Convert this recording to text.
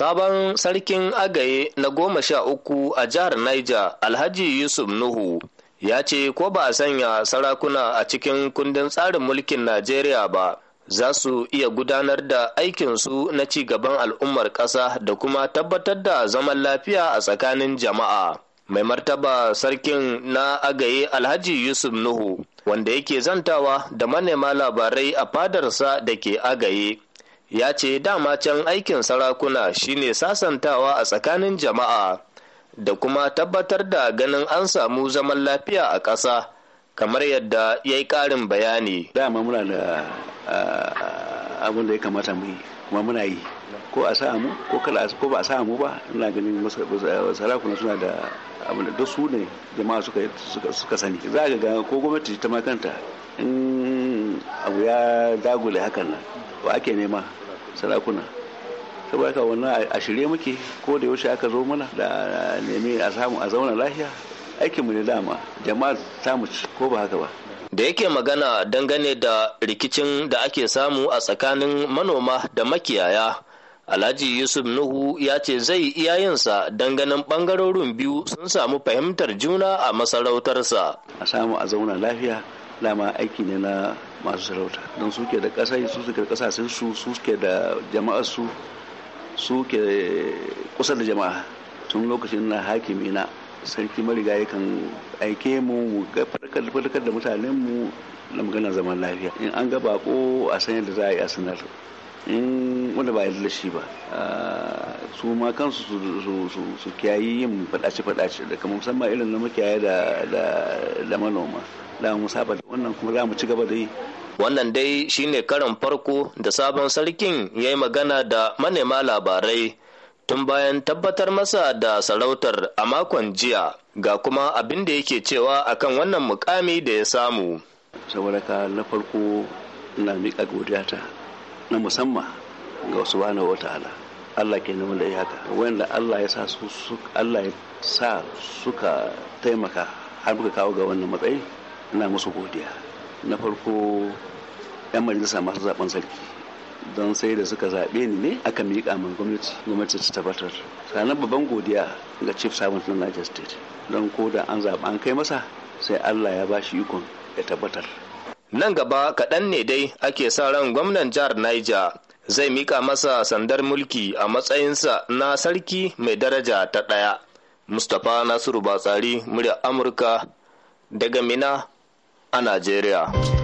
Sabon sarkin agaye na goma sha uku a jihar Niger Alhaji Yusuf Nuhu ya ce ko ba a sanya sarakuna a cikin kundin tsarin mulkin Najeriya ba za su iya gudanar da aikinsu na ci gaban al'ummar ƙasa da kuma tabbatar da zaman lafiya a tsakanin jama'a. Mai martaba sarkin na agaye Alhaji Yusuf Nuhu wanda yake zantawa da manema labarai a fadarsa da ke agaye. ya ce dama can aikin sarakuna shine sasantawa a tsakanin jama'a da kuma tabbatar da ganin an samu zaman lafiya a ƙasa kamar yadda ya yi ƙarin bayani dama muna da abin da ya kamata mu yi kuma muna yi ko a samu ko ko ba a samu ba ina ganin sarakuna suna da abin da su ne jama'a suka sani za ga ko gwamnati ta ma kanta in abu ya dagule hakan nan wa ake nema sarakuna saboda haka wannan a shirye muke ko da yaushe aka zo mana da nemi a samu a zauna lafiya aikin mu ne dama jama'a samu ci ko ba haka ba da yake magana dangane da rikicin da ake samu a tsakanin manoma da makiyaya Alhaji Yusuf Nuhu ya ce zai iya yinsa don ganin ɓangarorin biyu sun samu fahimtar juna a masarautarsa. A samu a zauna lafiya dama aiki ne na masu sarauta don suke da kasa su suke da kasashen su suke da jama'a su suke kusa da jama'a tun lokacin na hakimi na sarki ya kan aike mu mu farkar da mutanen mu na maganar zaman lafiya in an ga bako a san da za a yi a sanar in wanda ba yarda shi ba ah, su ma kansu su kiyayi yin fadace-fadace da kamar musamman irin na makiyaya da manoma da mu saba wannan kuma za mu ci gaba da yi wannan dai shine karin farko da sabon sarkin ya yi magana da manema labarai tun bayan tabbatar masa da sarautar a makon jiya ga kuma abin da yake cewa akan wannan mukami da ya samu saboda ka na farko ina miƙa godiyata na musamman ga wa taala. Allah ke nemi da haka wanda Allah ya sa su Allah ya sa suka taimaka har muka kawo ga wannan matsayi ina musu godiya na farko yan majalisa masu zaben sarki don sai da suka zaɓe ni ne aka miƙa min gwamnati gwamnati ta tabbatar sannan babban godiya ga chief servant na Niger state don ko da an zaɓa an kai masa sai Allah ya bashi shi ikon ya tabbatar nan gaba kaɗan ne dai ake sa ran gwamnan jihar niger zai mika masa sandar mulki a matsayinsa na sarki mai daraja ta ɗaya mustapha nasiru batsari murya amurka daga mina a nigeria.